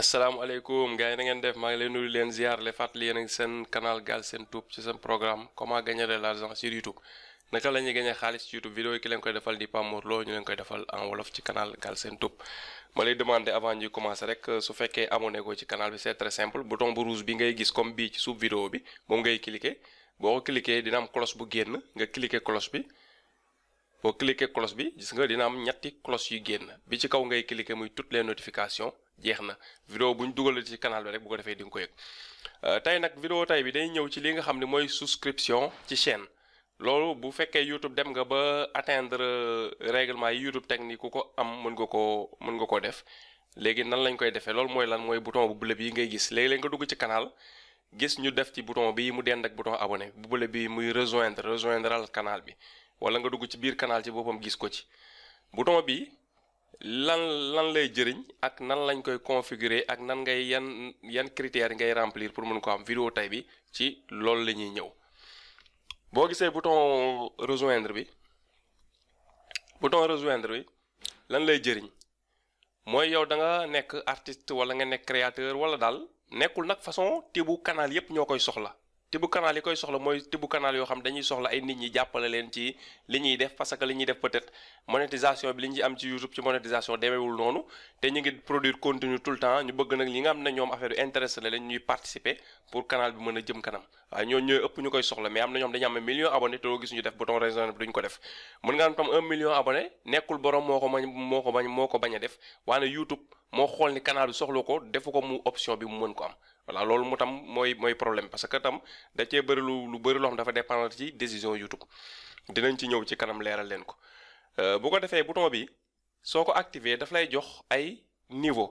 asalaamaaleykum gars yi na ngeen def maa ngi leen nuyu leen ziar le fàttali yéen ak seen canal Galsen Tube ci seen programme comment gagner de l'argent sur YouTube naka la ñuy gagner xaalis ci YouTube vidéo yi ki leen koy defal di Pape Mor ñu leen koy defal en wolof ci canal Galsen Tube ma lay demande avant ñuy commencer rek euh, su fekkee abonné ko ci canal bi c'est très simple bouton bu rouge bi ngay gis comme bii ci suuf vidéo bi moom ngay cliquer boo ko cliquer am cloche bu génn nga cliquer cloche bi boo cliquer cloche bi gis nga dina am ñetti cloche yu génn bi ci kaw ngay cliquer muy toutes les notification jeex na vidéo bu ñu dugalal ci canal bi rek bu ko defee di ko yëg euh, tey nag vidéo tey bi day ñëw ci li nga xam ne mooy souscription ci chain loolu bu fekkee YouTube dem nga ba atteindre euh, règlement yi YouTube teg ku ko am mën nga koo mën nga koo def léegi nan lañ koy defee loolu mooy lan mooy bouton bu bleu yi ngay gis léegi-léeg nga dugg ci canal gis ñu def ci bouton bi mu dend ak bouton abonné bu bleu bi muy rejoindre rejoindre al canal bi wala nga dugg ci biir canal ci boppam gis ko ci bouton bi lan lan lay jëriñ ak nan lañ koy configurer ak nan ngay yan yan critères ngay remplir pour mën ko am vidéo tey bi ci loolu la ñuy ñëw boo gisee bouton rejoindre bi bouton rejoindre bi lan lay jëriñ mooy yow da nga nekk artiste wala nga nekk créateur wala daal nekkul nag façon tibu canal yépp ñoo koy soxla tibb canal yi koy soxla mooy tibb canal yoo xam dañuy soxla ay nit ñi jàppale leen ci li ñuy def parce que li ñuy def peut-être monétisation bi li ñuy am ci YouTube ci monétisation demeewul noonu te ñu ngi produire contenu tout le temps ñu bëgg nag li nga am ne ñoom affaire bi intéressé la leen ñuy participer pour canal bi mën a jëm kanam waaye ñoo ñooy ëpp ñu koy soxla mais am na ñoom dañu am million abonné te doo gis ñu def bouton raison bi duñ ko def mën nga am tam un million abonné borom moo ko mañ ko bañ moo ko bañ a def waane YouTube moo xool ni canal soxla ko defu ko mu option bi mu mën ko am voilà loolu mu tam mooy mooy problème parce que tam da cee bëri lu lu bëri loo xam dafa dépendre ci décision YouTube dinañ ci ñëw ci kanam leeral leen ko euh, bu ko defee bu bouton bi soo ko activé daf lay jox ay niveau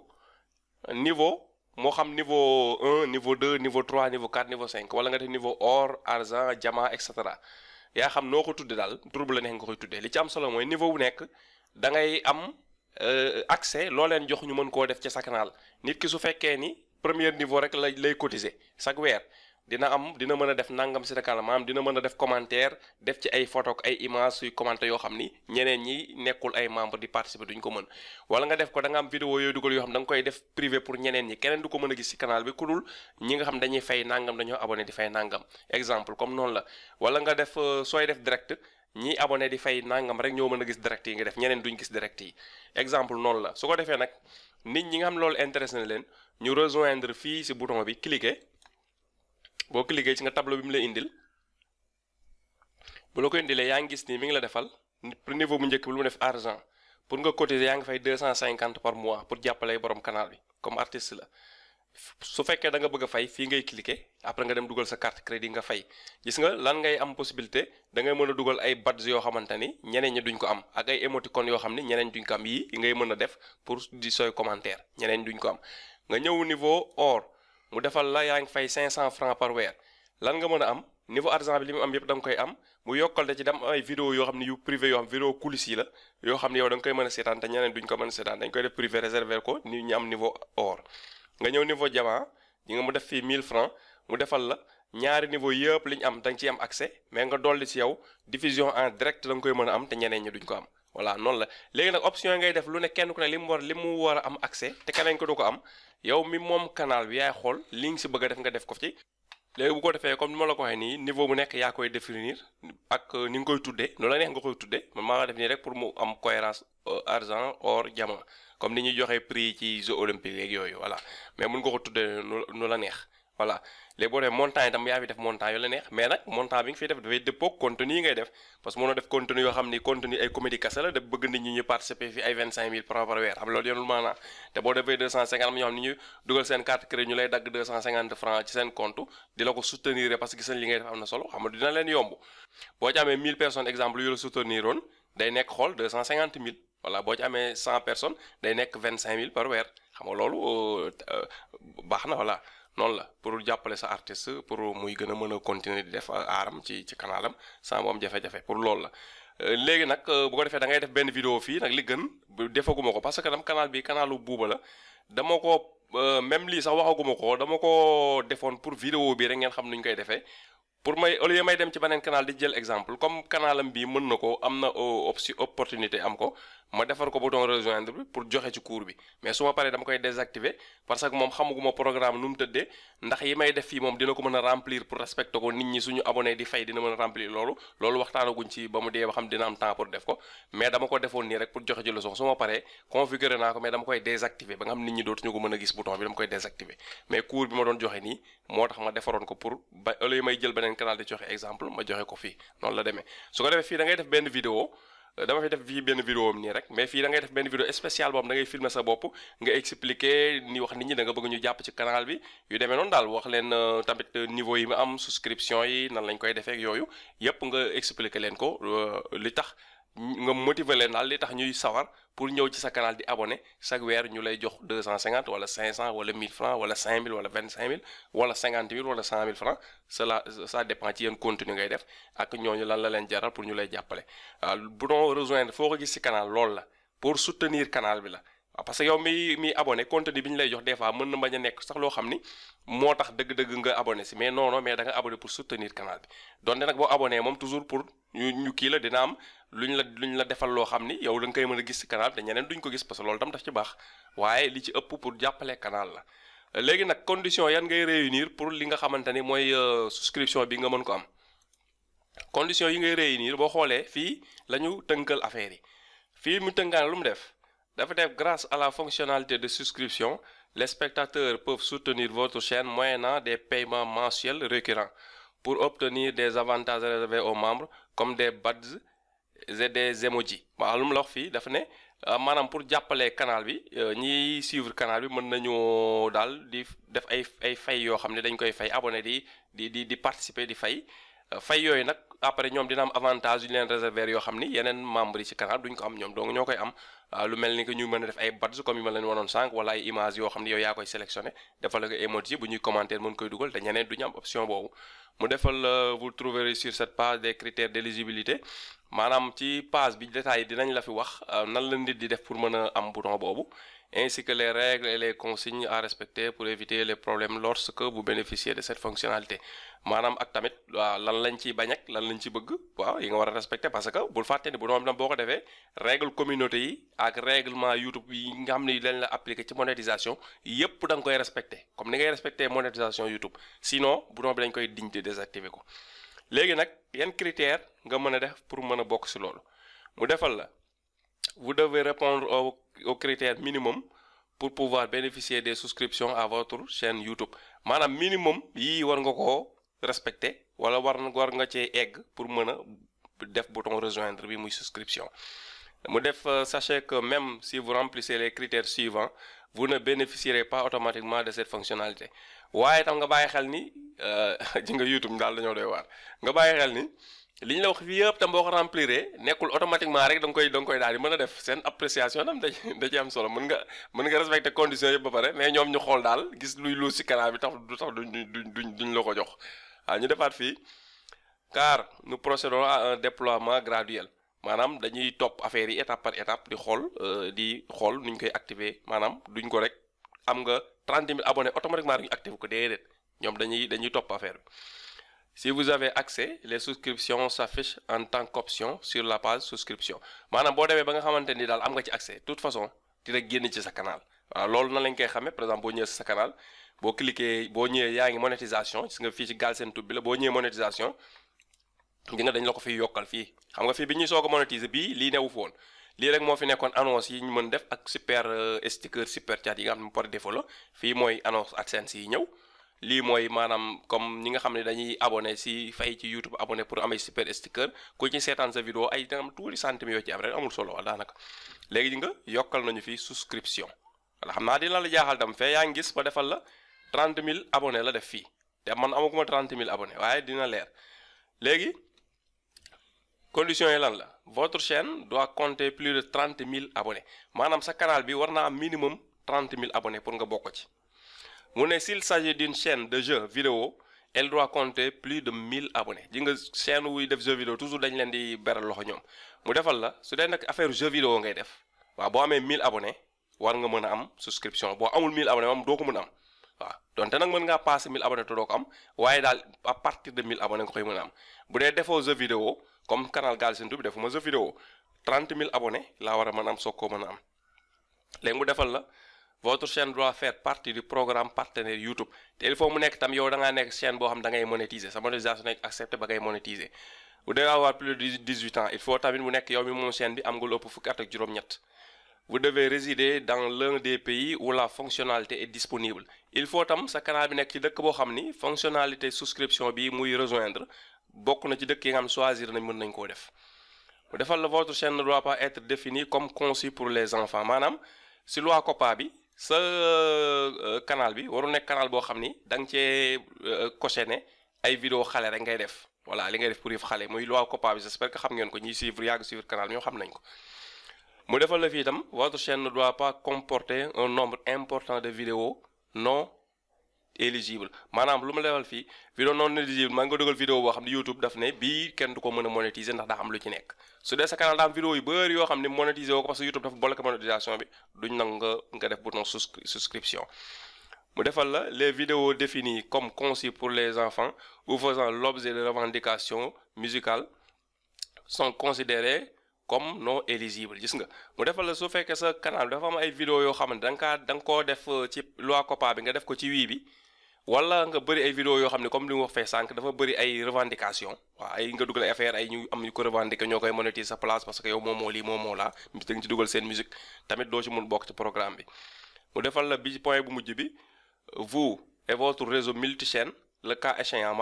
niveau moo xam niveau 1 niveau 2 niveau 3 niveau 4 niveau wala nga def niveau or argent diamant et cetera yaa xam noo ko tudde daal tur bu la neex nga koy tuddee li ci am solo mooy niveau bu nekk da ngay am euh, accès loo leen jox ñu mën koo def ci sa canal su fekkee ni. premier niveau rek lay lay cotiser chaque weer dina am dina mën a def nangam si dakala maanaam dina mën a def commentaire def ci ay photo ak ay image suy commentaire yoo xam ni ñeneen ñi nekkul ay membre di participer duñ ko mën wala nga def ko danga am vidéo yooyu dugal yoo xam da nga koy def privé pour ñeneen ñi keneen du ko mën a gis si canal bi ku dul ñi nga xam dañuy fay nangam dañoo abonné di fay nangam exemple comme noonu la wala nga def euh, sooy def direct ñi abonné di fay nangam rek ñoo mën a gis direct yi nga def ñeneen duñ gis direct exemple noonu la su ko defee nag nit ñi nga am loolu intéresse na leen ñu rejoindre fii si bouton bi cliquer boo cliquer ci nga tableau bi mu la indil bu la ko indilee yaa ngi gis nii mi ngi la defal pour niveau bu njëkk bi lu mu def argent pour nga cotiser yaa ngi fay deux cent cinquante par mois pour jàppalee borom canal bi comme artiste la. su fekkee da nga bëgg fay fii ngay cliquer après nga dem dugal sa carte crédit nga fay gis nga lan ngay am possibilité dangay mën a dugal ay badge yoo xamante ni ñeneen ñi duñ ko am ak ay émoticônes yoo xam ni ñeneen duñ ko am yii ngay mën a def pour di sooy commentaire ñeneen duñ ko am nga ñëw niveau or mu defal la yaa ngi fay cent francs par weer lan nga mën a am niveau argent bi li mu am yëpp da nga koy am mu yokkal da ci dem ay vidéo yoo xam ne yu privé yoo xam vidéo coulisse yi la yoo xam ne yow da nga koy mën a seetaan te ñeneen duñ ko mën a seetaan dañ koy def privé réserver ko ni ñu am niveau or nga ñëw niveau diamant di nga mu def fii mille francs mu defal la ñaari niveau yëpp li am dañ nga ciy am accès mais nga dolli si yow diffusion en direct da nga koy mën a am te ñeneen ñi duñ ko am voilà noonu la léegi nag option ngay def lu ne kenn ku ne li mu war li mu war a am accès te keneen ko du ko am yow mi moom kanaal bi yaay xool li nga ci bëgg a def nga def ko ci léegi bu ko defee comme ni ma la ko waxee nii niveau bu nekk yaa koy définir ak euh, ni nga koy tuddee noonu la neex nga koy tuddee man maa def nii rek pour mu am cohérence euh, argent or diamant comme ni ñuy joxe prix ci jeux olympiques yeeg yooyu voilà mais mun nga ko tuddee nu la neex voilà léegi boo def montant tam yaa fi def montant yu la neex mais nag montant bi nga fiy def dafay dëppoo contenu yi ngay def parce que mënoo def contenu yoo xam ni ñu dugal seen carte crédit ñu lay dagg deux cent cinquante franc ci seen compte di la ko soutenir parce que gis li ngay def am na solo xam nga dina leen yomb boo ci mille personnes voilà boo ci amee cent personne day nekk vingt cinq mille par weer xam nga loolu euh, baax na voilà noonu la pour jàppale sa artiste pour muy gën a mën a continuer di def aaram ci ci kanaalam sans moom jafe pour loolu la. Euh, léegi nag euh, bu defee da def benn vidéo fii nag li gën defaguma ko parce que dam canal bi canaalu buuba dama ko même lii sax waxaguma ko dama ko defoon pour vidéo bi rek ngeen xam nuñ koy defee. pour may au lieu may dem ci beneen canal di jël exemple comme kanaalam bi mën na ko am na opportunité am ko ma defar ko bouton rejoindre bi pour joxe ci cours bi mais su ma paree dama koy désactiver parce que moom xamaguma programme nu mu tëddee ndax yi may def fii moom dina ko mën a remplir pour respecter ko nit ñi fay dina mën loolu loolu waxtaanaguñ ci ba mu dee ba xam am temps pour def ko mais ko defoon nii rek pour joxe ci leçon su ma paree configuré naa ko mais dama koy désactiver ba nga xam nit ko a gis bouton bi dama koy désactiver mais cours bi ma doon joxe nii moo tax ma defaroon ko pour ba ëllëg may jël beneen canal di joxe exemple ma joxe ko fii noonu la demee su ko defee fii da ngay def benn vidéo dama fi def fii benn vidéo am nii rek mais fii dangay def benn vidéo spéciale boobu da ngay sa bopp nga expliquer ni wax nit ñi danga bëgg ñu jàpp ci canal bi yu demee noon daal wax leen euh, tamit euh, niveau yi mu am souscription yi nan lañ koy defee ak yooyu yëpp nga expliquer leen ko euh, li tax nga motiver leen daal li tax ñuy sawar pour ñëw ci sa kanaal di abonné chaque weer ñu lay jox deux cent cinquante wala cinq cent wala mille francs wala cinq mille wala vingt cinq mille wala cinquante mille wala cent mille francs cela ça dépend ci yéen contenu ngay def ak ñooñu lan la leen jaral pour ñu lay jàppale euh, bu doon rejoindre foo ko gis ci canal lool la pour soutenir canal bi la waaw parce que yow mi mi abonné contenu bi ñu lay jox des fois mën na bañ a nekk sax loo xam ni moo tax dëgg-dëgg nga abonné si mais non mais da nga abonné pour soutenir canal bi donte nag boo abonné moom toujours pour ñu ñu kii la dina am luñ la luñ la defal loo xam ni yow la nga koy mën a gis si canal te ñeneen duñ ko gis parce que loolu tam daf ci baax waaye li ci ëpp pour jàppale canal la léegi nag condition yan ngay réunir pour li nga xamante ni mooy euh, souscription bi nga mën ko am condition yi ngay réunir boo xoolee fii la ñu tënkal affaire yi fii mu tënkaan lu def. dafa def grâce à la fonctionnalité de souscription les spectateurs peuvent soutenir votre chaîne moyennant des paiements mensuels récurrents pour obtenir des avantages réservés aux membres comme des badges et des emojis waaw lu mu fii dafa ne euh, maanaam pour jàppale kanaal bi euh, ñiy suivre kanaal bi mën nañoo daal di def ay ay fay yoo xam ne dañ koy fay abonné di di di di participer di fay euh, fay yooyu nag après ñoom dina am avantage yu leen réserver yoo xam ni yeneen membres yi ci duñ ko am ñoom donc ñoo koy am Ah, lu mel ni que ñu mën a def ay badge comme yu ma leen wanoon sànq wala ay image yoo xam ne yow yaa koy sélectionné defal la ko emoji bu ñuy commentaire mën koy dugal te ñeneen du ñu am option boobu mu defal vous trouverez sur cette page des critères d'éligibilité maanaam ci page bi détail dinañ la fi wax ah, nan la nit di def pour mën a am bouton boobu ainsi que les règles et les consignes à respecter pour éviter les problèmes lorsque vous bénéficiez de cette fonctionnalité maanaam ak tamit waaw lan lañ ciy bañ ak lan lañ ci bëgg waaw yi nga war a respecter parce que bul fàtte ni bu doon boo ko defee règle communauté yi ak règlement YouTube yi nga xam ne dañ la appliqué ci monétisation yépp da koy respecter comme ni ngay respecter monétisation YouTube sinon bouton bi dañ koy diñ di désactiver ko léegi nag yan critères nga mën a def pour mën a bokk si loolu mu defal la vous devez répondre au aux critères minimum pour pouvoir bénéficier des souscriptions à votre chaîne YouTube maanaam minimum yii war nga ko respecter wala war war nga cee egg pour mën a def bouton rejoindre bi muy souscription mu def euh, sachez que même si vous remplissez les critères suivants vous ne bénéficierez pas automatiquement de cette fonctionalité waaye tam nga bàyyi xel ni euh, ji nga YouTube daal dañoo doy waar nga bàyyi xel ni. li ñu la wax fii yëpp tam boo ko remplir nekkul automatiquement rek danga koy da nga koy daal di mën a def seen appréciation tam da da am solo mën nga mën nga respecter conditions yëpp ba pare mais ñoom ñu xool daal gis luy luus si canal bi tax du tax duñ duñ duñ la ko jox ñu defaat fii car nous procédons à un déploiement maanaam dañuy topp affaire yi étape par étape di xool euh, di xool nuñ koy activer maanaam duñ ko rek am nga 30 000 abonnés automatiquement duñ activer ko déedéet ñoom dañuy dañuy topp affaire bi si vous avez accès les souscriptions s'affichent en tant qu'option sur la page souscription maanaam boo demee ba nga xamante ni daal am nga ci accès toute façon dina génn ci sa canal waaw loolu na lañ koy xamee par exemple boo ñëwee sa canal boo cliquer boo ñëwee yaa ngi monétisation gis nga fii ci Galsen Tube bi la boo ñëwee monétisation di dañ la ko fiy yokkal fii xam nga fii bi ñuy soog a monétiser bii lii newu fi woon lii rek moo fi nekkoon annonce yi ñu mën def ak super euh, sticker super yi nga xam ne par fii mooy annonce AdSense yi ñëw lii mooy maanaam comme ñi nga xam ne dañuy abonné si fay ci YouTube abonné pour amay super sticker ku ci seetaan sa vidéo ay dina am tuuti centime yoo ci am rek amul solo wala daanaka léegi di nga yokkal nañu fi souscription wala xam naa dina la jaaxal tam fee yaa ngis gis ba defal la 30 000 abonné la def fii te man amaguma 30 000 abone waaye dina leer léegi condition yi lan la votre chaîne doit compter plus de trente mille abonnés maanaam sa canal bi war naa am minimum 30 000 abonnés pour nga bokk ci mu ne s'il s'agit d'une chaîne de jeux vidéo elle doit compter plus de 1000 abonnés ji nga chaîne wuy def jeu vidéo toujours dañ leen di beral loxo ñoom mu defal la su dee nag affaire jeu vidéo ngay def waaw boo amee 1000 abonnés war nga mën a am souscription boo amul 1000 abonnés moom doo ko mën a am waaw donte nag mën ngaa passé 1000 abonnés te doo ko am waaye daal à partir de 1000 abonnés nga koy mën a am bu dee defoo jeu vidéo comme canal Galsen Tube bi defuma jeu vidéo 30 000 abonnés laa war a mën am soog koo a am léegi mu defal la. votre chaîne doit faire partie du programme partenaire YouTube te il faut mu nekk tam yow da ngaa nekk chaîne boo xam da monétiser sa monétisation nekk accepté ba ngay monétiser bu dee avoir plus de 18 ans il faut tamit mu nekk yow mi moom chaîne bi am nga lu ëpp fukki at ak juróom-ñett vous devez résider dans l'un des pays où la fonctionnalité est disponible il faut tam sa canal bi nekk ci dëkk boo xam ni fonctionnalité souscription bi muy rejoindre bokk na ci dëkk yi nga xam nañ mën nañ koo def mu defal la votre chaîne ne doit pas comme conçue pour les enfants maanaam si loi COPPA bi sa kanaal euh, euh, bi waru nekk canal boo xam ni da nga cee euh, coché ne ay vidéo xale rek ngay def voilà li ngay def pour yëf xale muy loi COPPA bi j'espère que xam ngeen ko ñiy suivre yàgg suivre canal bi ñoo xam nañ ko mu defal la fii itam votre chaîne ne doit pas comporter un nombre important de vidéos non éligible maanaam lu ma defal fii vidéo non éligible maa ngi ko dugal vidéo boo xam ne YouTube daf ne bii kenn du ko mën a monétiser ndax daa am lu ci nekk su dee sa canal daa am vidéo yu bëri ne monétiser woo ko parce que YouTube dafa bloqué monétisation bi duñ nag nga nga def bouton souscription mu defal la les vidéos définies comme conçues pour les enfants ou faisant l'objet de revendications musicales sont considérées comme non éligible gis nga mu defal la su fekkee sa canal dafa am ay vidéo yoo xam ne da nga kaa da nga koo def euh, ci loi COPPA bi nga def ko ci wii bi wala nga bëri ay vidéo yoo xam ne comme li mu wax fee sànq dafa bëri ay revendication waaw ay nga dugal affaire ay ñu am ñu ko revendiquer ñoo koy monétiser sa place parce que yow moomoo lii moomoo laa da nga dugal seen musique tamit doo ci mun bokk ci programme bi mu defal la bi bi vous et votre réseau multichaîne le cas échéant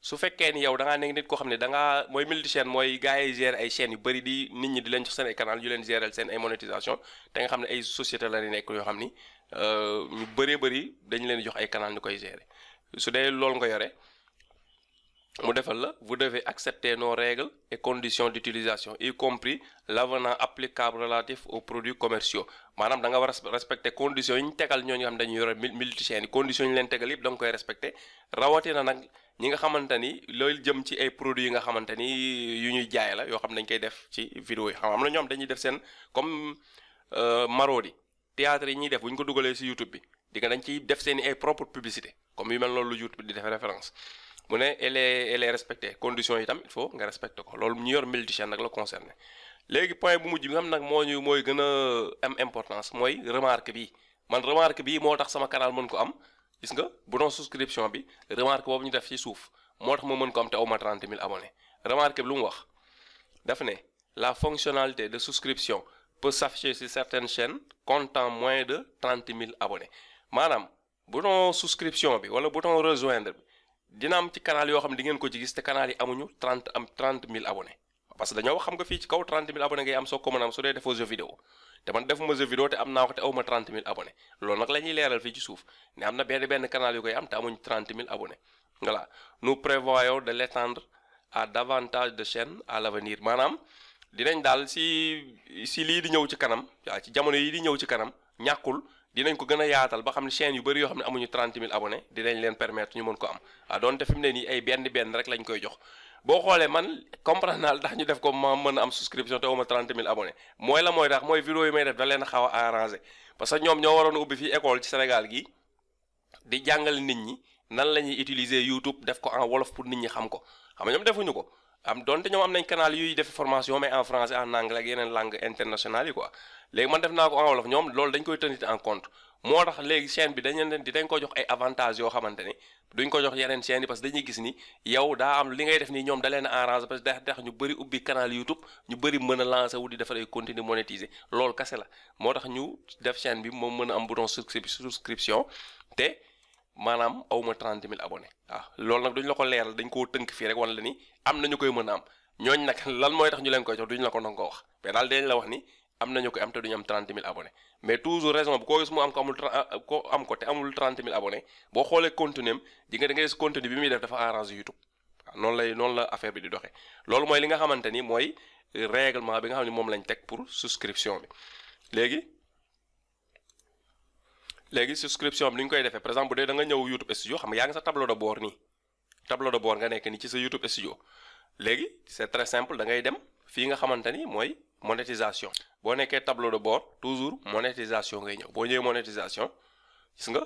su fekkee ni yow da ngaa nekk koo xam ne da ngaa mooy multichaîne mooy gars yi gérer ay chaînes yu bëri di nit ñi di leen jox seen ay canal yu leen gérer seen ay monétisation te nga xam ne ay société la di nekk yoo xam ni Euh, ñu bëree bëri dañ leen jox ay canal ñu koy gérer su dee loolu nga yore mu defal la vous devez accepter nos règles et conditions d'utilisation y compris l'avenant applicable relatif aux produits commerciaux maanaam danga war a respecter conditions yi ñu tegal ñooñu nga xam dañuy yore multichaîne yi conditions yi ñu leen tegal yëpp da nga koy respecter rawatina nag ñi nga xamante ni loolu jëm ci ay produits yi nga xamante ni yu ñuy jaaye la yoo xam dañ koy def ci vidéo yi xam am na ñoom dañuy def seen comme euh, marodi théâtre yi ñuy def bu ñu ko dugalee si YouTube bi di nga dañ ciy def seen i ay propre publicité comme yu mel noonu lu YouTube di def référence mu ne elle est elle est respectée yi tam il faut nga respecté ko loolu ñu yor multichaîne nag la concerné léegi point bu mujj bi nga xam nag moo ñu mooy gën a am importance mooy remarque bi man remarque bi moo tax sama canal mën ko am gis nga bouton souscription bi remarque boobu ñu def ci suuf moo tax ma mën ko ma 30 000 abonnés remarque bi lu mu wax daf ne la fonctionnalité de souscription peut s'afficher sur certaines chaînes comptant moins de trente mille abonnés maanaam bouton souscription bi wala bouton rejoindre bi dina am ci canal yoo xam ne ngeen ko ci gis te canal yi amuñu trente am trente nga fii ci kaw trente mille abonnés ngay am soo ko mën a am su dee defoo jeu vidéo te man defuma jeu vidéo te am naa ko te awma trente mille abonnés loolu nag la ñuy leeral fii ci suuf ne am na benn benn canal yu koy am te amuñu trente mille abonnés voilà nous prévoyons de l'étendre à davantage de maanaam dinañ daal si si lii di ñëw ci kanam waaw ci jamono yii di ñëw ci kanam ñàkkul dinañ ko gën a yaatal ba xam ne chaîne yu bëri yoo xam ne amuñu 30 000 abonnés dinañ leen permettre ñu mën ko am waaw doonte fi mu ne nii ay benn benn rek lañ koy jox boo xoolee man comprendre naa tax ñu def ko ma mën a am souscription te wuma 30 000 abonnés mooy la mooy tax mooy vidéo yi may def da leen a xaw a arrangé parce que ñoom ñoo waroon a ubbi fi école ci Sénégal gi di jàngal nit ñi nan la ñuy utiliser YouTube def ko en wolof pour nit ñi xam ko xam nga ñoom defuñu ko am donte ñoom am nañ canal yuy def formation mais en français en anglais ak yeneen langue internationale yi quoi léegi man def naa ko en wolof ñoom loolu dañ koy tenir en compte moo tax léegi chaîne bi dañ leen di dañ ko jox ay avantages yoo xamante ni duñ ko jox yeneen chaîne yi gis ni yow daa am li ngay def nii ñoom da leen a arrangé parce que daa tax ñu bëri ubbi canal YouTube ñu bëri mën a lancé wu di defar ay contenu monétisé loolu kase la moo tax ñu def chaîne bi moom mën a am bouton subscription te. maanaam awma trente mille abonnés waaw loolu nag duñ la ko leeral dañ koo tënk fii rek wan la ni am nañu koy mën a am ñooñ nag lan mooy tax ñu leen koy jox duñ la ko nangoo wax mais la wax ni am nañu koy am te duñu am trente mille abonnés mais toujours raison bi koo gis mu am ko ah, ah, xoolee contenu am nga da nga bi muy def dafa arrangé YouTube waaw noonu la affaire bi di doxee loolu mooy li nga xamante ni mooy euh, règlement bi nga xam ne moom lañ teg pour souscription bi léegi léegi subscription bi ni ñu koy defee par exemple bu dee da nga ñëw YouTube studio xam nga yaa ngi sa tableau de bord nii tableau de bord nga nekk nii ci sa YouTube studio léegi c'est très simple da ngay dem fii nga xamante ni mooy monétisation boo nekkee tableau de bord toujours monétisation ngay ñëw boo ñëwee monétisation gis nga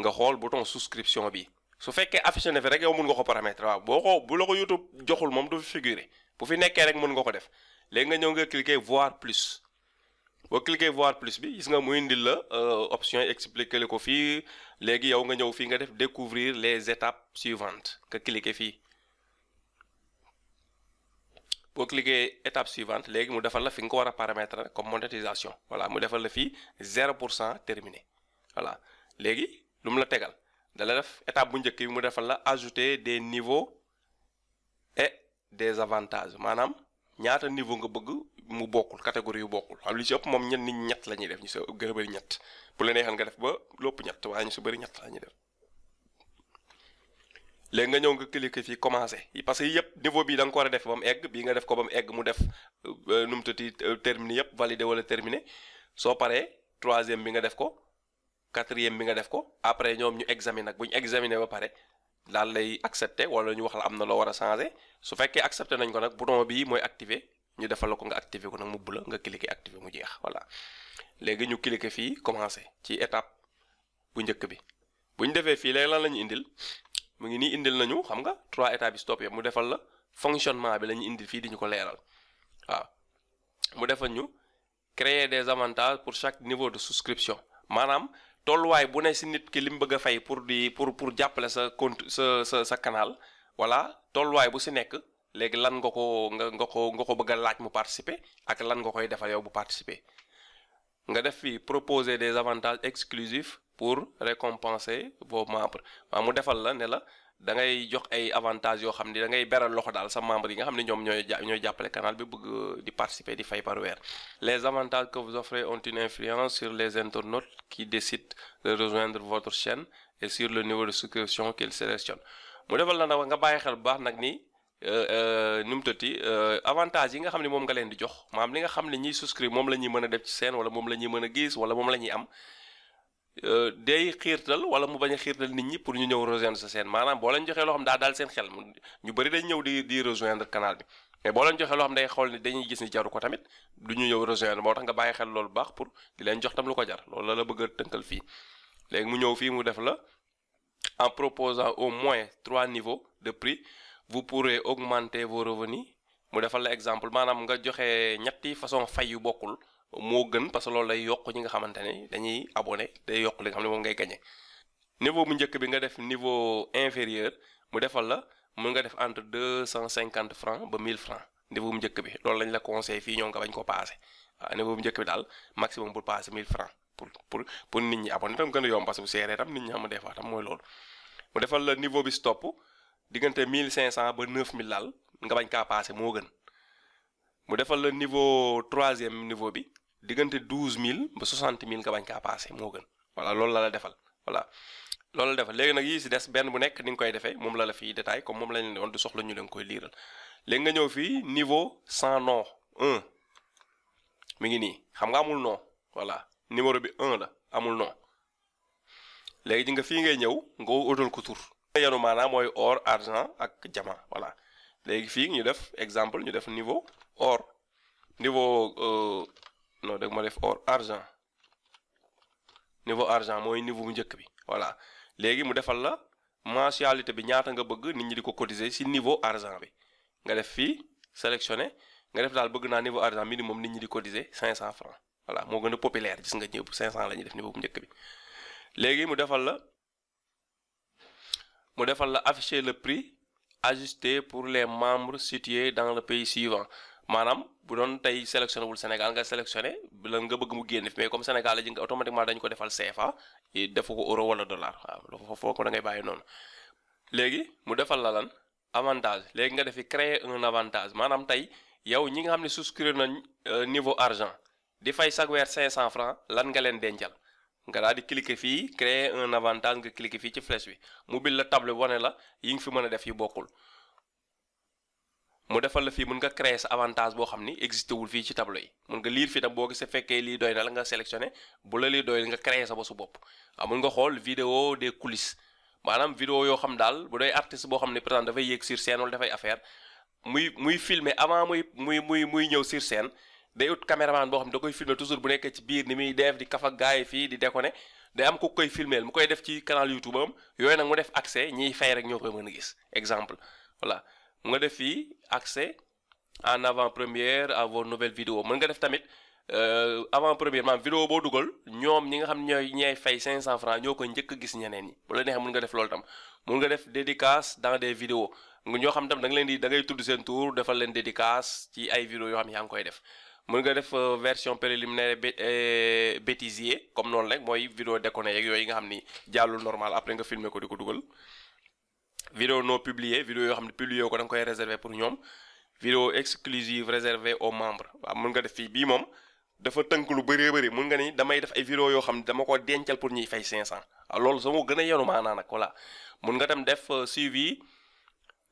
nga xool bu bouton souscription bi su fekkee affiché na fi rek yow mun nga ko paramètre waaw boo ko bu la ko YouTube joxul moom du fi figurer bu fi nekkee rek mun nga ko def léegi nga ñëw nga cliquer voir plus boo cliquer voir plus bi gis nga muy indil la euh, option explique la ko fii léegi yow nga ñëw fii nga def découvrir les étapes suivantes nga cliquer fii boo cliquer étape suivants léegi mu defal la fi nga ko war a paramétrer comme monétisation voilà mu defal la fii 0 pour cent terminé voilà léegi lu mu la tegal dala def étape bu njëkk yi mu defal la ajouter des niveaux et des avantages maanaam ñaata niveau nga bëgg mu bokkul catégorie yu bokkul xam li ci ëpp moom ñen nit ñett la ñuy def ñu sa gën a bëri ñett bu la neexal nga def ba lépp ñett waaye ñu sa bëri ñett la ñuy def léegi nga ñëw nga cliquer fii commencé parce que yëpp niveau bi da nga ko war a def ba mu egg bii nga def ko ba mu egg mu def euh, euh, nu mu tati euh, terminé yëpp validé wala terminé soo paree troisième bi nga def ko quatrième bi nga def ko après ñoom ñu examiner nag bu ñu examiner ba pare daal lay accepté wala ñu wax la am na loo war a changé su fekkee accepté nañ ko nag bu bouton bii mooy activé ñu defal la ko nga activé ko nag mu bula nga cliqué activé mu jeex voilà léegi ñu cliqué fii commencé ci étape bu njëkk bi bu defee fii léegi lan la ñu indil mu ngi nii indil nañu xam nga trois étapes bi stop yëpp mu defal la fonctionnement bi la ñu indil fii di ñu ko leeral waaw mu defal ñu créer des avantages pour chaque niveau de souscription maanaam tolluwaay bu ne si nit ki li mu bëgg a fay pour di pour pour jàppale sa compte sa sa sa canal voilà tolluwaay bu si nekk. léegi lan nga ko nga nga ko nga ko bëgg a laaj mu participer ak lan nga koy defal yow bu participer nga def fii proposer des avantages exclusifs pour récompenser vos membre waaw mu defal la ne la da ngay jox ay avantages yoo xam ni da ngay beral loxo daal sa membre yi nga xam ne ñoom ñooy ñooy jàppale canal bi bëgg di participer di fay par weer les avantages que vous offrez ont une influence sur les internautes qui décident de rejoindre votre chaîne et sur le niveau de souscription qu'ils sélectionnent Euh, euh, nu mu tëtti euh, avantage yi nga xam ne moom nga leen di jox maanaam li nga xam ne ñiy souscrire moom la ñuy mën a def ci seen wala moom la ñuy mën a gis wala moom la ñuy am day xiirtal wala mu bañ a xiirtal nit ñi pour ñu ñëw rejoindre sa seen maanaam boo leen joxee loo xam daa daal seen xel ñu bëri dañ ñëw di di rejoindre canal bi mais boo leen joxee loo xam xool ni dañuy gis ni jaru ko tamit du ñu ñëw rejoindre moo tax nga bàyyi xel loolu baax pour di leen jox tam lu ko jar loolu la la bëgg a tënkal fii léegi mu ñëw fii mu def la en proposant au moins trois niveaux de prix vous pourrez augmenter vos revenus mu defal la exemple maanaam nga joxe ñetti façon fay yu bokkul moo gën parce que loolu lay yokk ñi nga xamante ne dañuy abonné day yokk li nga xam ne moom ngay gagné. niveau bu njëkk bi nga def niveau inférieur mu defal la mun nga def entre deux cent cinquante francs ba mille francs niveau bu njëkk bi loolu lañ la conseil fii ñoom nga bañ ko passé waaw niveau bu njëkk bi daal maximum pour passer mille francs pour pour pour nit ñi abonné tam a yomb parce que bu diggante mille cinq cent ba neuf mille daal nga bañ kaa paase moo gën mu defal la niveau troisième niveau bi diggante douze mille ba soixante mille nga bañ kaa paase moo gën voilà loolu la la defal voilà. loolu la defal léegi nag yii si des benn bu nekk ni nga koy defee moom la la fii détail comme moom lañ leen doon du ñu leen koy liiral léegi nga ñëw fii niveau sans nom mi ngi nii xam nga amul nom voilà numéro bi un la amul noo léegi ji nga fii ngay ñëw nga utal ko tur. yenu maanaam mooy or argent ak diamant voilà léegi fii ñu def exemple ñu def niveau or niveau euh, non dégg ma def or argent niveau argent mooy niveau bu njëkk bi voilà léegi mu defal la mensualité bi ñaata nga bëgg nit ñi di ko cotiser si niveau argent bi nga def fii sélectionné nga def daal bëgg naa niveau argent minimum nit ñi di cotiser 500 francs wala moo gën a populaire gis nga ñëpp 500 la ñuy def niveau bu njëkk bi léegi mu defal la. mu defal la afficher le prix ajusté pour les membres situés dans le pays suivant maanaam bu doon tey sélectionné wul Sénégal nga sélectionné la nga bëgg mu génne fi mais comme Sénégal la ji nga automatiquement dañ ko defal CFA defu ko euro wala dollar waaw foo ko da ngay bàyyi noonu léegi mu defal la lan avantage léegi nga defi créer un avantage maanaam tey yow ñi nga xam ne souscrire nañ euh, niveau argent di fay chaque weer cent francs lan nga leen dencal nga daal di cliquer fii créer un avantage nga cliquer fii ci flèche bi mu bil la table wane la yi nga fi mën a def yu bokkul mu defal la fii mën nga créer sa avantage boo xam ni existé wul fii ci tableau yi mën nga lire fii tam boo gisee fekkee lii doy na la nga sélectionné bu la lii doy nga créer sa bosu bopp amul ah, mën nga xool vidéo des coulisses maanaam vidéo yoo xam daal bu doy artiste boo xam ne par exemple dafay yéeg sur scène wala dafay affaire muy muy filmer avant muy muy muy muy ñëw sur scène day ut caméraman boo xam da koy filmer toujours bu nekkee ci biir ni muy def di kafa gaay yi fii di déconné day am ku koy filmeel mu koy def ci canal YouTube am yooyu nag mu def accès ñiy fay rek ñoo koy mën a gis exemple voilà mu nga def fii accès en avant première à vos nouvelles vidéos mën nga def tamit euh, avant première maanaam vidéo boo dugal ñoom ñi nga xam ñooy ñooy fay 500 francs ñoo koy njëkk gis ñeneen ñi wala la neexee mën nga def loolu tam mën nga def dédicace dans des vidéos ñoo xam tam da nga leen di da ngay tudd seen tour defal leen dédicace ci ay vidéo yoo xam yaa ngi koy def mën nga def euh, version préliminaire euh, bêtisier comme noonu rek mooy vidéo déconné yeeg yooyu nga xam ni jàllul normal après nga filmer ko di ko dugal vidéo non publié vidéo yoo xam ne publié ko da nga koy réservé pour ñoom vidéo exclusive réservée au membre waaw mën nga def fii bii moom dafa tënk lu bëree bëri mun nga ni damay def ay vidéo yoo xam ne dama ko dencal pour ñuy fay 500 waaw loolu sama gën a yenu maanaa nag voilà mën nga tam def euh, suivi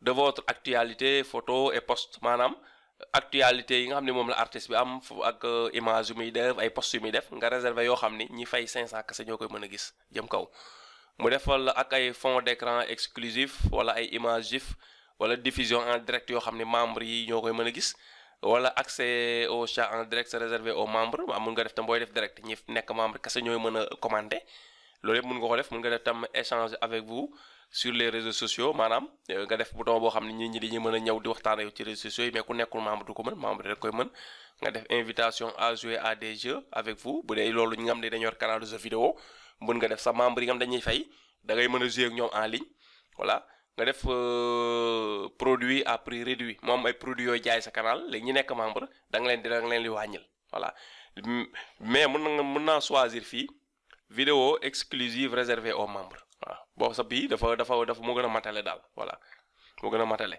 de votre actualité photo et post maanaam actualité yi nga xam ne moom la artiste bi am ak euh, image yu muy def ay post yu muy def nga réserver yoo xam ni ñi fay 500 kese ñoo koy mën a gis ay fond d'écran wala ay image yoo xam ne membres yi ñoo koy mën a gis wala accès au chat en direct c'est réservé aux membres waaw mun nga def tam booy def direct ñi nekk membre kese ñooy mën a commander loolu yëpp mun nga def tam échange avec vous sur les réseaux sociaux maanaam eh, nga def bouton boo xam ne nit ñi dañuy mën a ñëw di waxtaan ak yow ci réseaux sociaux yi mais ku nekkul membre du ko mën membre rek koy mën invitation à jouer à des jeux avec vous bu dee loolu ñi nga xam ne dañoo yor canal mën fay da ngay mën a jouer ak ñoom en ligne voilà nga def euh, produit à prix moom ay produits yooyu jaay sa canal léegi ñi nekk membre danga leen di da nga leen di wàññil voilà mais mën na mën naa choisir fii vidéo exclusive réservée au membres waaw boo sa bii dafa dafa dafa moo gën a matale daal voilà moo gën a matale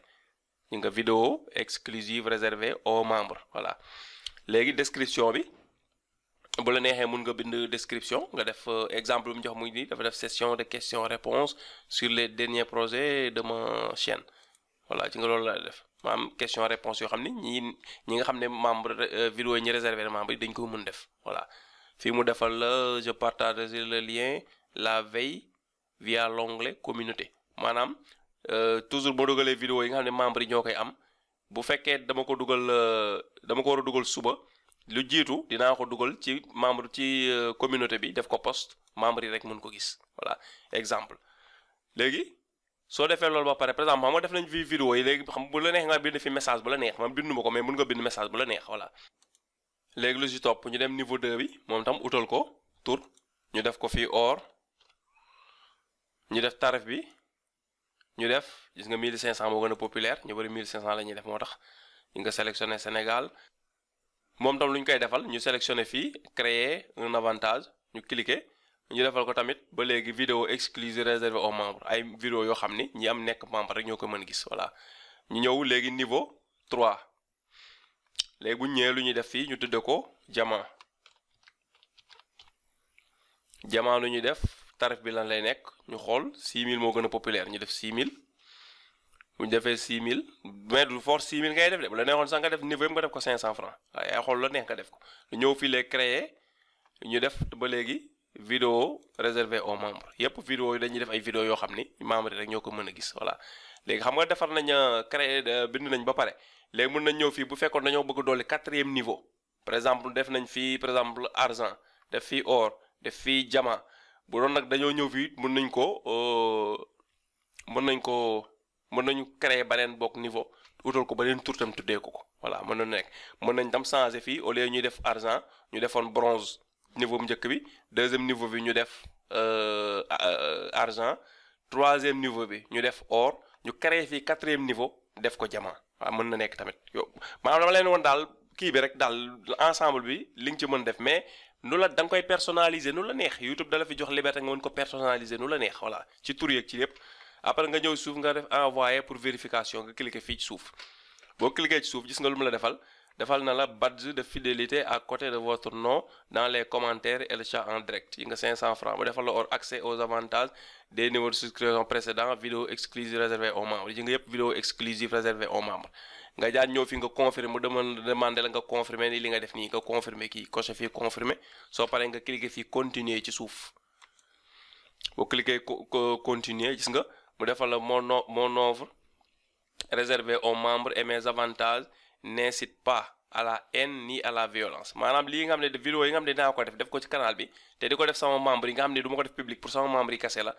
ñu nga vidéo exclusive réservée aux membre voilà léegi description bi bu la neexee mun nga bind description nga def euh, exemple mu jox muy nii dafa def session de questions réponses sur les derniers projets de ma chaîne voilà ci nga loolu la def maanaam question réponse yoo xam ne ñi ñi nga xam ne membre euh, vidéo yi ñu réservé membre yi dañ ko mun def voilà fii mu defal la je partage le via l'onglet communauté maanaam euh, toujours boo dugalee vidéo yi nga xam ne membre yi ñoo koy am bu fekkee dama ko dugal euh, dama ko war a dugal suba lu jiitu dinaa ko dugal ci membre ci euh, communauté bi def ko post membre yi rek mën ko gis voilà exemple léegi soo defee loolu ba pare par exemple xam nga def nañ fi vidéo yi léegi xam bu la neex nga bind fi message bu la neex man bindu ma ko mais mën nga bind message bu la neex voilà léegi lu si topp ñu dem niveau 2 bi moom tam utal ko tur ñu def ko fii or ñu def tarif bi ñu def gis nga 1500 moo gën a populaire ñu bëri 1500 la ñuy def moo tax ñu nga sélectionné Sénégal moom tam lu ñu koy defal ñu sélectionné fii créer un avantage ñu cliquer ñu defal ko tamit ba léegi vidéo exclusive réservée aux membres ay vidéo yoo xam ni ñi am nekk membre rek ñoo ko mën gis voilà ñu ñëw léegi niveau 3 léegi bu ñu ñëwee lu ñuy def fii ñu tudde ko jamaa jamaa lu ñuy def tarif bi lan lay nekk ñu xool 6000 moo gën a populaire ñu def 6000 bu ñu defee 6000 mais du force 6000 ngay def de bu la neexoon sax nga def niveau yëpp nga def ko 500 francs waaye yaa xool neex nga def ko ñëw fii les créer ñu def ba léegi vidéo réservé au membres yépp vidéo yi dañuy def ay vidéo yoo xam ni membres yi rek ñoo ko mën a gis voilà léegi xam nga defar nañ euh, créer euh, bind nañ ba pare léegi mun nañ ñëw fii bu fekkoon dañoo bëgg dolli quatrième niveau par exemple def nañ fii par exemple argent def fii or def fii diamant bu doon nag dañoo ñëw fii mun nañ ko euh, mën nañ ko mën nañu créer beneen bokk niveau utal ko beneen tur tam tuddee ko ko voilà mën na nekk mën nañ tam changer fii au lieu ñuy def argent ñu defoon bronze niveau njëkk bi deuxième niveau bi ñu def euh, euh, argent troisième niveau bi ñu def or ñu créer fii quatrième niveau def ko diamant waaw mën na nekk tamit yow maanaam dama leen woon daal kii bi rek daal ensemble bi li nga ci mën def mais nu la da nga koy personnaliser nu la neex YouTube dala fi jox liberté nga mën ko personnaliser nu la neex voilà ci tur yeeg ci lépp après nga ñëw suuf nga def envoyé pour vérification nga cliquer fii ci suuf boo cliquer ci suuf gis nga lu mu la defal defal na la badge de fidélité à côté de votre nom dans les commentaires et le chat en direct yi nga 500 francs mu defal la or accès aux avantages des niveaux de souscription précédents vidéo exclusive réservée aux membres yi nga yëpp vidéo exclusive réservée aux membres nga jaar ñëw fi nga confirmer mu demandé la nga confirmer ni li nga def nii nga confirmer kii coché fii confirmer soo paree nga cliquer fii continuer ci suuf boo cliquer continuer gis nga mu defal la mon mon nombre réservé aux membres et mes n'incite la haine ni à la violence maanaam lii nga xam ne de vidéo yi nga xam ne def def ko ci canal bi te di ko def sama membre yi nga xam ne du ma ko def public pour sama membre yi kese la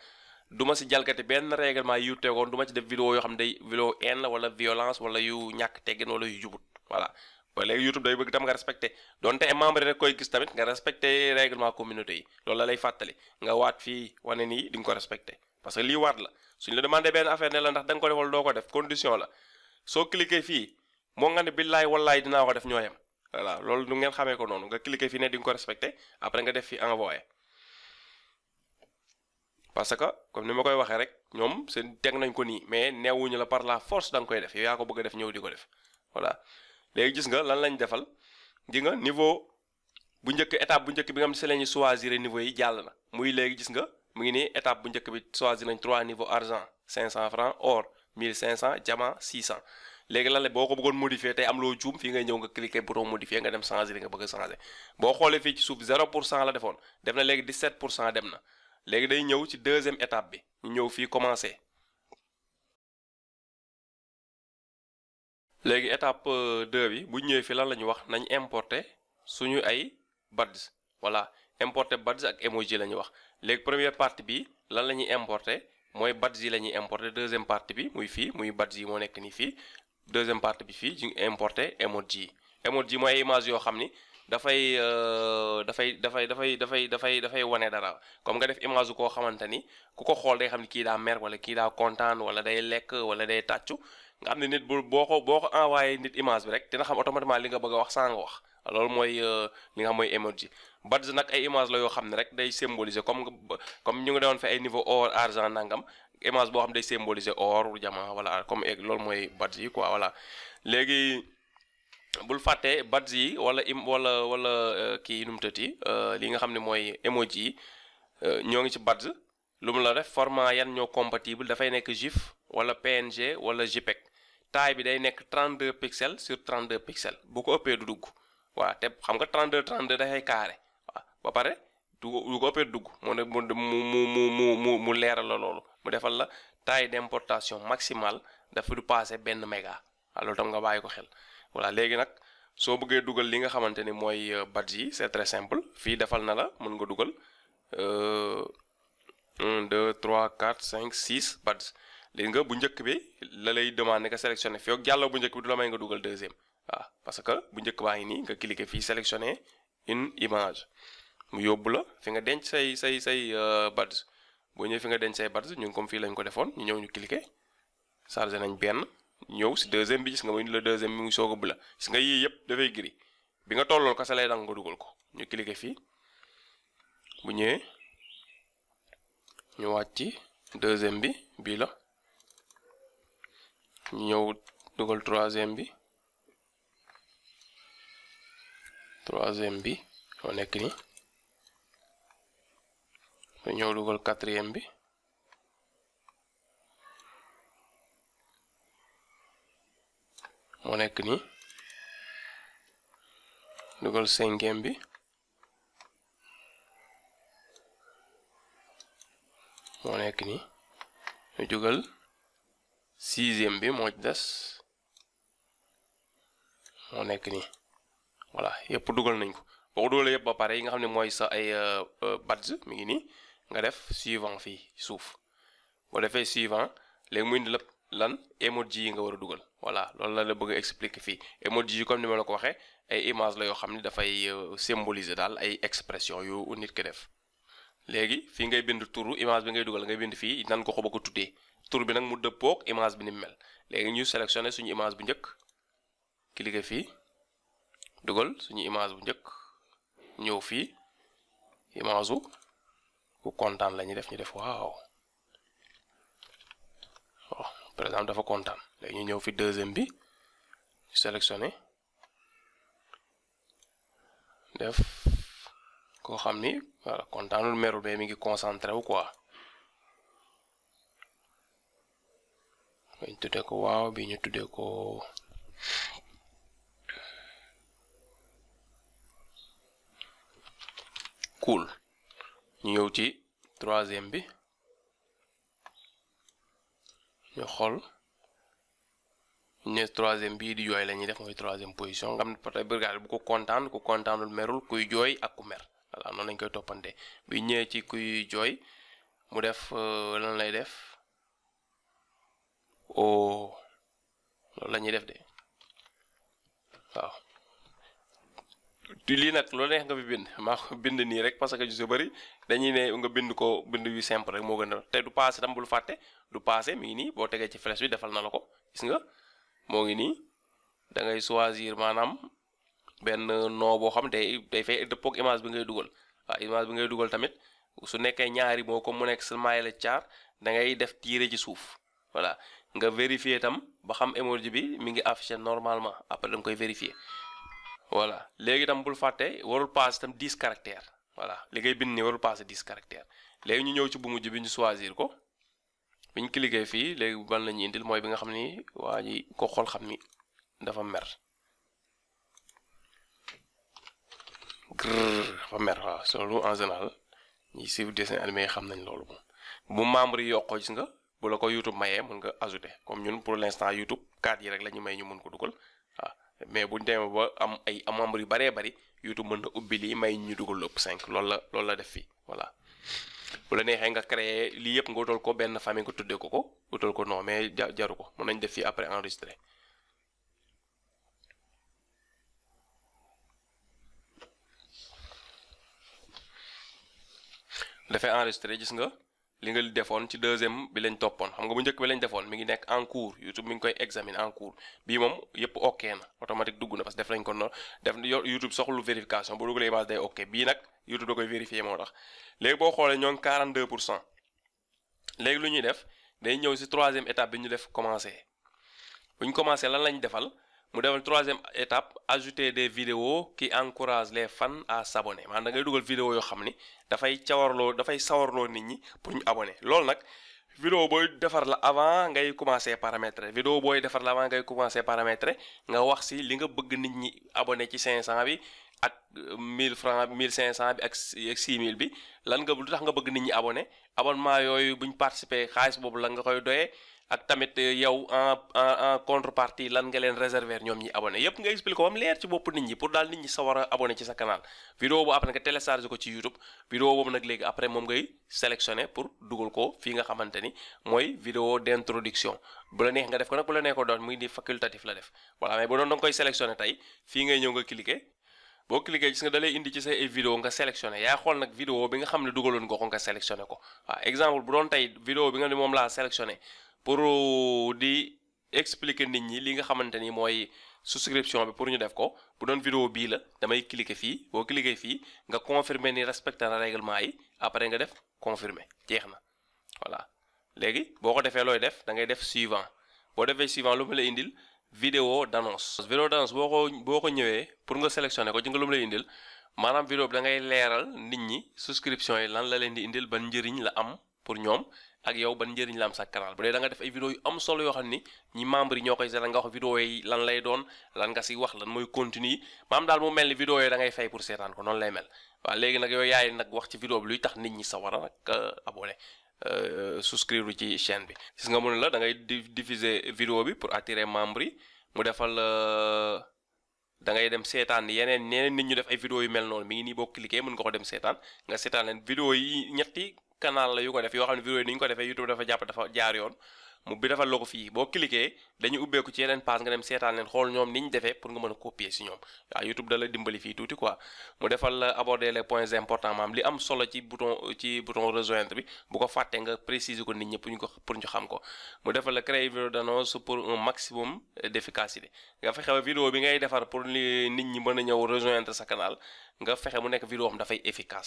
du ma si jalgati benn règlement yu tegoon du ma ci def vidéo yoo xam ne day vidéo haine la wala violence wala yu ñàkk teggin wala yu jubut voilà ba léegi YouTube day bëgg tam nga respecté donte ay membre rek koy gis tamit nga respecté règlement communauté yi loolu la lay fàttali nga waat fii wane nii di ko respecté parce que lii waat la suñ la demandé benn affaire la ndax da ko def wala doo ko def condition la fii moo nga ne billaay wallaay dinaa ko def ñoo yem voilà loolu du ngeen xamee ko noonu nga cliquer fi ne di nga ko respecté après nga def fi envoyé parce que comme ni ma koy waxee rek ñoom seen teg nañ ko nii mais newuñu la par la force da nga koy def yow yaa ko bëgg def ñëw di ko def voilà léegi gis nga lan lañ defal di nga niveau bu njëkk étape bu njëkk bi nga xam si la ñuy choisir niveau yi jàll na muy léegi gis nga mu ngi nii étape bu njëkk bi choisir nañ trois niveau argent 500 francs or 1500 diamant 600 léegi lan la boo ko bëggoon modifier tey am loo juum fii ngay ñëw nga cliquer bouton modifier nga dem changer li nga bëgg a changer boo xoolee fii ci suuf 0 pour cent la defoon def na léegi 17 pour cent dem na léegi day ñëw ci deuxième étape bi ñu ñëw fii commencer. léegi étape 2 euh, bi bu ñëwee fii lan la ñu wax nañ importer suñu ay badge voilà importe badge ak emoji la ñu wax léegi première partie bi lan la ñuy importer mooy badge yi la ñuy importer deuxième partie bi muy fii muy badge yi moo nekk nii fii deuxième partie bi fii ñu ngi importé ji yi ji mooy image yoo xam ni dafay euh, dafay dafay dafay dafay dafay dafay wane dara comme nga def image koo xamante ni ku ko xool day xam ni kii daa mer wala kii daa kontaan wala day lekk wala day tàccu nga xam ne nit bu boo ko boo ko envoyé nit image bi rek dina xam automatiquement li nga bëgg wax saa nga wax loolu mooy euh, li nga xam mooy emoji badge nag ay image la yoo xam ne rek day symboliser comme comme ñu ngi doon fi ay niveau or argent nangam image boo xam day symboliser or jamaa voilà comme egg loolu mooy badge yi quoi voilà léegi bul fàtte badge yi wala im wala wala euh, kii nu mu tëti euh, li nga xam ne mooy emoji yi euh, ñoo ngi ci badge lu mu la def format yan ñoo compatible dafay nekk jif wala PNG wala gipec taille bi day nekk trent 32 pixels sur 32 pixels bu ko ëppee du dugg waaw te xam nga 32 32 dafay carré waaw ba pare du ko ëppee dugg mu ne mu mu mu mu mu leeral la loolu mu defal la taille d'importation maximale dafa du passé benn méga waaw loolu tam nga bàyyi ko xel voilà léegi nag soo bëggee dugal li nga xamante ni mooy euh, badge yi c'est très simple fii defal na la mën nga dugal 1 2 3 4 5 6 badge léegi nga bu njëkk bi la lay demandé nga sélectionné fii ak bu njëkk bi du la may nga dugal deuxième waaw parce que bu njëkk baa ngi nii nga cliqué fii sélectionné une image mu yóbbu la fi nga denc say say say euh, badge boo ñëwee fi nga denc say badge ñun comme fii lañ ko defoon ñu ñëw ñu cliqué chargé nañ benn ñëw si deuxième bi gis nga muy la deuxième bi mu soog a bula gis nga yii yëpp dafay gris bi nga tollool kasa lay danga nga dugal ko ñu cliqué fii bu ñëwee ñu wàcc ci deuxième bi bii la ñu ñëw dugal troisième bi troisième bi moo nekk nii ba ñëw dugal quatrième bi moo nekk ni dugal cinquième bi moo nekk ni ñu dugal sixième bi moo ci des moo nekk ni voilà yëpp dugal nañ ko boo ko dugalee yëpp ba pare yi nga xam ne mooy sa ay euh, euh, badge mi ngi nii nga def suivant fii suuf boo defee suivant léegi mu indi la lan emoji yi nga war a dugal voilà loolu la la bëgg a expliquer fii emoji yi comme ni ma la ko waxee ay image la yoo xam ne dafay euh, symboliser daal ay expression yu nit ki def léegi fii ngay bind turu image bi ngay dugal ngay bind fii nan ko ko ba ko tuddee tur bi nag mu dëppoog image bi ni mel léegi ñu sélectionné suñu image bu njëkk cliquer fii dugal suñu image bu njëkk ñëw fii image bu ku kontaan la ñuy def ñu def waaw oh par exemple dafa kontaan léegi ñu ñëw fi deuxième bi sélectionné def koo xam ni voilà kontaanul merul mais mi ngi concentré wu quoi ñu ko waaw bi ñu tuddee ko cool ñu ñëw ci troisième bi ñu xool ne troisième bii di jooy la ñuy def mooy troisième position nga xam ne peut-être bu ko kontaan ku kontaanul merul kuy jooy ak ku mer voilà noonu lañ koy toppante bi ñëwee ci kuy jooy mu def euh, lan lay def oh, loolu la def de waaw lii nag lu neex nga fi bind maa bind nii rek parce que ju si bëri dañuy ne nga bind ko bind yu simple rek moo gën a te du passé tam bul fàtte du passé mi ngi nii boo tegee ci flèche bi defal na la ko gis nga moo ngi nii da ngay choisir maanaam benn noo boo xam day day fay dëppoog image bi ngay dugal waaw image bi ngay dugal tamit su nekkee ñaari boo ko mu nekk seulement la caar dangay ngay def tiire ci suuf voilà nga vérifier tam ba xam emoji bi mi ngi affiché normalement après da koy vérifier voilà léegi tam bul fàtte warul paase tam 10 caractères voilà li ngay bind ni warul paase 10 caractères léegi ñu ñëw ci bu mujj bi ñu choisir ko biñ cliquer fii léegi ban la ñuy indil mooy bi nga xam ni waa ji ko xool xam ni dafa mer dafa mer waaw solo en général ñi suivre dessin animé xam nañ loolu moom bu membre yi yokkoo gis nga bu la ko YouTube mayee mun nga ajouter comme ñun pour l'instant YouTube 4 yi rek la ñu may ñu mun ko dugal mais bu demee ba am ay membres yu baree bari tu mën na ubbi lii may ñu dugal lu ëpp 5 loolu la loolu la def fii voilà. bu la neexee nga créer lii yëpp nga utal ko benn famille nga tuddee ko ko utal ko non mais jaru ko mën nañ def fii après enregistré. dafay enregistré gis nga. li nga defoon ci deuxième bi lañ toppoon xam nga bu njëkk bi lañ defoon mi ngi nekk en cours YouTube mi ngi koy examiner en cours bi moom yëpp ok na automatique dugg na parce que def nañ ko noonu def YouTube soxlu vérification bu dugalee image day ok bii nag YouTube da koy vérifier moo tax léegi boo xoolee ñoo ngi 42 pour cent léegi lu ñuy def day ñëw si troisième étape bi ñu def commencé bu ñu commencé lan lañ defal. mu defal troisième étape ajouter des vidéos qui encourage les fan à sabone maanaam da ngay dugal vidéo yoo xam ni dafay cawarloo dafay sawarloo nit ñi pour ñu abonné loolu nag vidéo booy defar la avant ngay commencer paramétrer vidéo booy defar la avant ngay commencer paramétrer nga wax si li nga bëgg nit ñi abonné ci cinq 500 bi ak 1000 euh, francs bi 1500 bi ak mille bi lan nga lu tax nga bëgg nit ñi abonné abonnement yooyu buñ participer xaalis boobu la nga koy doyee ak tamit yow en en en contrepartie lan nga leen réserver ñoom ñi abonné yépp nga expliqué ko am leer ci bopp nit ñi pour daal nit ñi sawar a abonné ci sa canal vidéo bu après nga télécharge ko ci YouTube vidéo boobu nag léegi après moom ngay sélectionné pour ko fii nga xamante ni mooy vidéo d'introduction bu la neex nga def ko nag bu la ko doon muy di facultatif la def voilà mais bu tey fii nga cliqué boo cliqué gis nga indi ci say ay nga sélectionné yaa xool nag vidéo bi nga xam ne dugaloon nga ko nga sélectionné ko waaw exemple bu doon tey vidéo bi nga ne moom laa sélectionné pour di expliquer nit ñi li nga xamante ni mooy souscription bi pour ñu def ko bu doon vidéo bii la damay cliquer fii boo cliquer fii nga confirmer ni respecté na règlement yi après nga def confirmer jeex na voilà léegi boo ko defee looy def da ngay def suivant boo defee suivant lu mu la indil vidéo d'annonce vidéo d'annonce boo ko boo ko ñëwee pour nga sélectionné ko ci nga lu mu lay indil maanaam vidéo bi dangay leeral nit ñi souscription yi lan la leen di indil ban njëriñ la am pour ñoom ak yow ban njëriñ la am sa canal bu dee da def ay vidéo yu am solo yoo xam ni ñi membre yi ñoo koy seetaan nga wax vidéo yi lay doon lan nga wax lan mooy continue maam daal mu mel ni vidéo yi da ngay fay pour seetaan ko lay mel léegi nag yow yaay nag wax ci vidéo luy tax nit ñi sa war a nag euh, abonné euh, souscrire ci chaîne bi gis nga mu la da ngay diffuser vidéo bi pour attirer membre yi mu defal euh, da ngay dem seetaan yeneen yeneen nit ñu def ay vidéo yu mel noonu mi ngi nii boo cliquer mën nga ko dem seetaan nga seetaan leen vidéo yi ñetti canal la yu ko def yoo xam ne vidéo yi ni ko defee YouTube dafa jàpp dafa jaar yoon mu bi dafa la ko fii boo cliquer dañu ubbeeku ci yeneen page nga dem seetaan leen xool ñoom ni defee pour nga mën a copier si ñoom waaw YouTube da dimbali fii tuuti quoi mu defal la aborder les maam li am solo ci bouton ci bi bu ko fàttee nga préciser ko nit ñi pour ñu xam ko mu defal la créer vidéo d'annonce pour un maximum d'efficacité nga fexe ba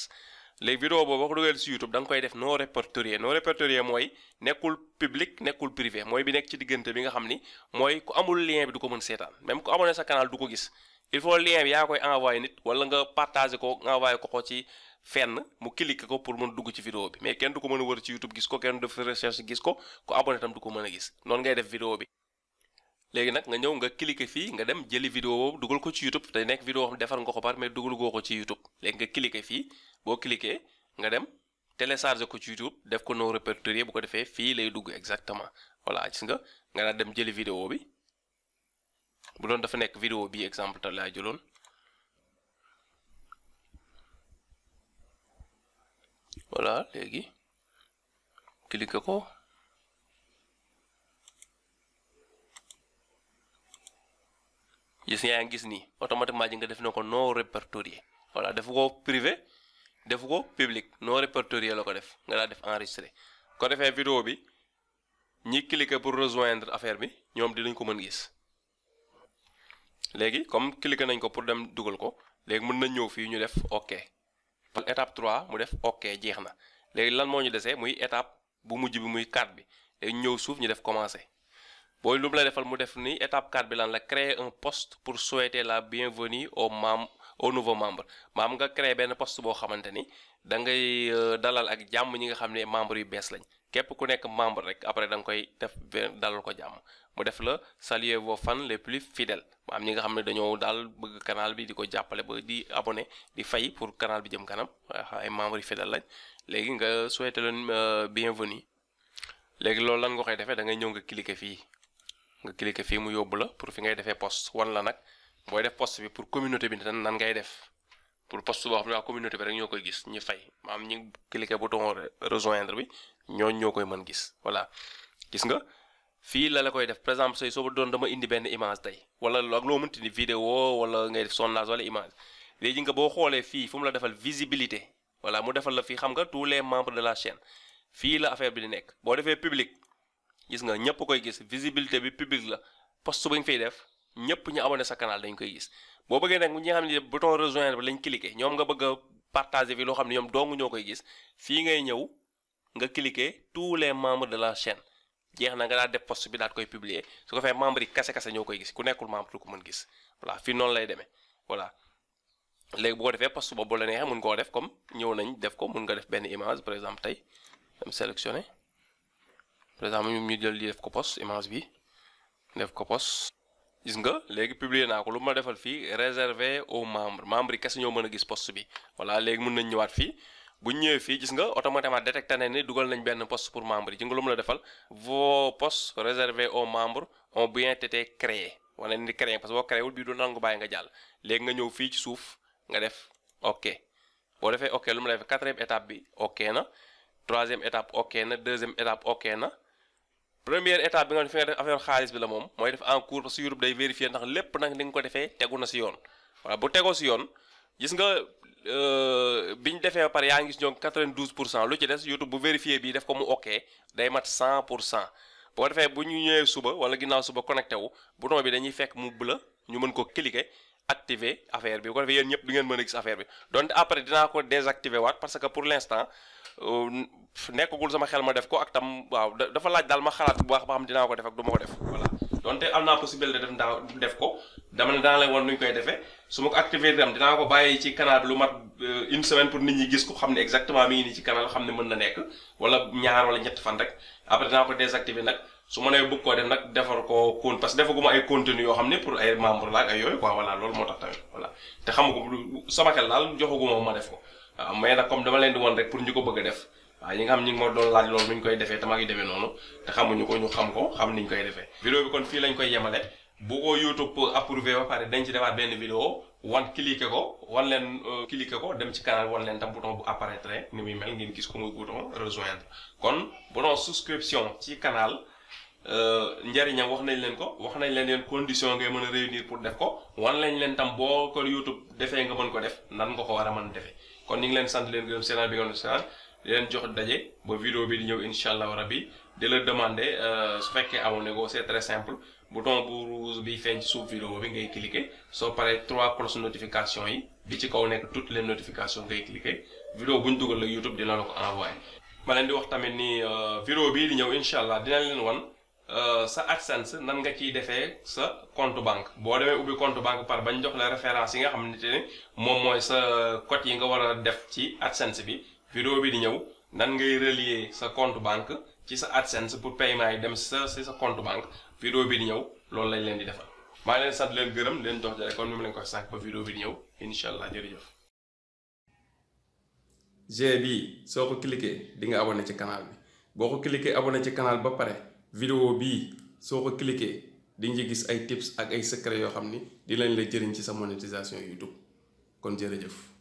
léegi vidéo boobu ko dugal si YouTube da nga koy def non répertorié non répertorié mooy nekkul public nekkul privé mooy bi nekk ci diggante bi nga xam ni mooy ku amul lien bi du ko mën seetaan même ku abonné sa canal du ko gis il faut yaa koy envoyé nit wala nga partagé ko envoyé ko ko ci fenn mu cliqué ko pour mën dugg ci vidéo bi mais kenn du ko mën a wër ci YouTube gis ko kenn du def recherche gis ko ku abonné tam du ko mën a gis noonu ngay def vidéo bi. léegi nag nga ñëw nga cliquer fii nga dem jëli vidéo boobu dugal ko ci YouTube day nekk vidéo xam defar nga ko par mais dugal goo ko ci YouTube léegi nga cliquer fii boo cliquer nga dem télécharger ko ci YouTube def ko non répertorié bu ko defee fii lay dugg exactement voilà gis nga nga dem jëli vidéo bi bu doon dafa nekk vidéo bii exemple te laa léegi cliquer ko. gis yaa gis nii automatiquement ji nga def na ko non répertorié voilà defu ko privé defu ko public non répertorié la ko def nga daal def enregistré ko defee video bi ñi cliquer pour rejoindre affaire bi ñoom dinañ ko mën gis léegi comme cliquer nañ ko pour dem dugal ko léegi mën na ñëw fii ñu def ok par étape trois mu def ok jeex na léegi lan moo ñu desee muy étape bu mujj bi muy 4 bi léegi ñëw suuf ñu def commencé booy lu mu la defal mu def ni étape 4 bi lan la créer un post pour souhaiter la bienvenue au membres au nouveaux membre maam nga créer benn poste boo xamante ni da ngay euh, dalal ak jàmm ñi nga xam ne membres yu bees lañ képp ku nekk membre rek après danga koy def dalal ko jàmm mu def la saluer vos fan le plus fidèles maam ñi nga xam ne dañoo daal bëgg canal bi di ko jàppale ba di abonné di fay pour canal bi jëm kanam ay membres yu fidèles lañ léegi nga souhaiter leen euh, bienvenue léegi loolu lan nga koy defee da ngay ñëw nga cliquer fii. nga cliquer fii mu yóbbu la pour fi ngay defee post wan la nag booy def post bi pour communauté bi nan ngay def pour post boo xam ne communauté bi rek ñoo koy gis ñu fay maanaam ñu cliquer bouton rejoindre bi ñooñ ñoo koy mën gis voilà gis nga fii la la koy def par exemple say soo doon dama indi benn image tey wala ak loo mënti ni vidéo wala ngay def sondage wala image léegi nga boo xoolee fii fu mu la defal visibilité voilà mu defal la fii xam nga tous les membres de la chaîne nekk gis nga ñëpp koy gis visibilité bi public la post bu ñu fay def ñëpp ñu abonné sa canal dañ koy gis boo bëggee nag ñi nga xam ne bouton ñoom nga bëgg a partager fi loo ne ñoom dong ñoo gis fii ngay ñëw nga cliqué tous les membres de la chaîne jeex na nga daal def bi daal koy publier su ko fee membre yi kase kase ñoo koy gis ku nekkul membre du ko mën gis voilà fii noonu lay demee voilà. léegi bu ko defee post boobu la neexee mun koo def comme ñëw nañ def ko mun nga def benn image par exemple tey dem sélectionné. par exemple ñoom ñu jël li def ko post image bi def ko post gis nga léegi publier naa ko lu ma defal fii réservé au membre membres yi kese ñoo mën a gis post bi voilà léegi mun nañ ñëwaat fii bu ñu ñëwee fii gis nga automatiquement détecté na ni dugal nañ benn post pour membre yi gis nga lu mu la defal vos posts réservés aux membres ont bien été créés wala ni créé parce que boo créé wul bii du nangu bàyyi nga jàll léegi nga ñëw fii ci suuf nga def ok boo defee ok lu mu la defee étape bi ok na troisième étape ok na deuxième étape ok na. première étape bi nga fi nga def affaire xaalis bi la moom mooy def en cours parce que Europe day vérifier ndax lépp nag ni nga ko defee tegu na si yoon voilà bu tegoo si yoon gis nga euh, bi ñu defee ba pare yaa ngi gis ñoom 92 pour cent lu ci des YouTube bu vérifier bii def ko mu ok day mat 100 pour cent bu ko defee bu ñu ñëwee suba wala ginnaaw suba connecté bu bouton bi dañuy fekk mu bleu ñu mën ko cliquer activer affaire bi bu ko defee yéen ñëpp di ngeen mën a gis affaire bi donc après dinaa que pour l'instant Euh, nekk nekkagul sama xel ma def ko ak tam waaw dafa laaj daal ma xalaat bu baax ba xam dinaa ko def ak du ma ko def voilà donte am naa possibilité def ndaa def ko dama ne dana woon nuñ koy defee su ma ko activé dinaa ko bàyyi ci canal bi lu mat euh, une semaine pour nit ñi gis ko xam ne exactement mi ngi nii ci canal xam mën na nekk wala ñaar wala ñett fan rek après dinaa ko désactivé nag su ma nee bëgg koo def nag defar ko kon parce que defaguma ay contenu yoo xam ne pour ay membre la ak ay yooyu quoi voilà loolu moo tax tamit voilà te xamagum sama xel daal joxaguma ma def ko waaw ah, mais nag comme dama leen di woon rek pour ñu ko bëgg a def waaw ah, ñi nga xam ñi ngi ma doon laaj loolu nuñ koy defee tamaa ngi demee noonu te xamuñu ko ñu xam ko xam ñu koy defee vidéo bi kon fii lañ koy yemale bu ko YouTube approuvé ba pare dañ ci defaat benn vidéo wan cliqué ko wan leen euh, cliqué ko dem ci canal wan leen tam bouton bu apparaître ni muy mel ngeen gis ko muy bouton rejoindre kon bouton souscription ci canal euh, njariñam wax nañ leen ko wax nañ leen yeen condition ngay mën a réunir pour def ko wan lañ leen tam boo ko YouTube defee nga mën ko def nan nga ko war a mën defee kon ñu ngi leen sant leen gërëm seenaan bi di leen jox daje ba vidéo bi di ñëw incha allah bi di la demander euh, su fekkee abonné ko c'est très simple bouton bu rouge bi feeñ ci suuf vidéo bi ngay cliquer soo paree trois cloches notification yi bi ci kaw nekk toutes les notifications ngay cliquer vidéo bu ñu dugal la YouTube dina la ko envoyé. ma leen di wax tamit ni euh, vidéo bii di ñëw incha allah dina leen wan. Euh, sa AdSense nan nga ciy defee sa compte banque boo demee ubbi compte banque par bañ jox la référence yi nga xamante ne moom mooy sa code nga war a def ci AdSense bi vidéo bi di ñëw nan ngay relier sa compte banque ci sa AdSense pour paiement yi dem sa si sa compte banque vidéo bi di ñëw loolu lañ leen di defal maa leen sant leen gërëm leen jox jare comme mu leen ko sànq ba vidéo bi di ñëw incha allah jërëjëf. G bi soo ko cliquer di nga abonné ci canal bi boo ko cliquer abonné ci canal ba pare. vidéo bi soo ko cliquer di nga gis ay tips ak ay secret yoo xam ni di lañ la jëriñ ci sa yuy YouTube kon jërëjëf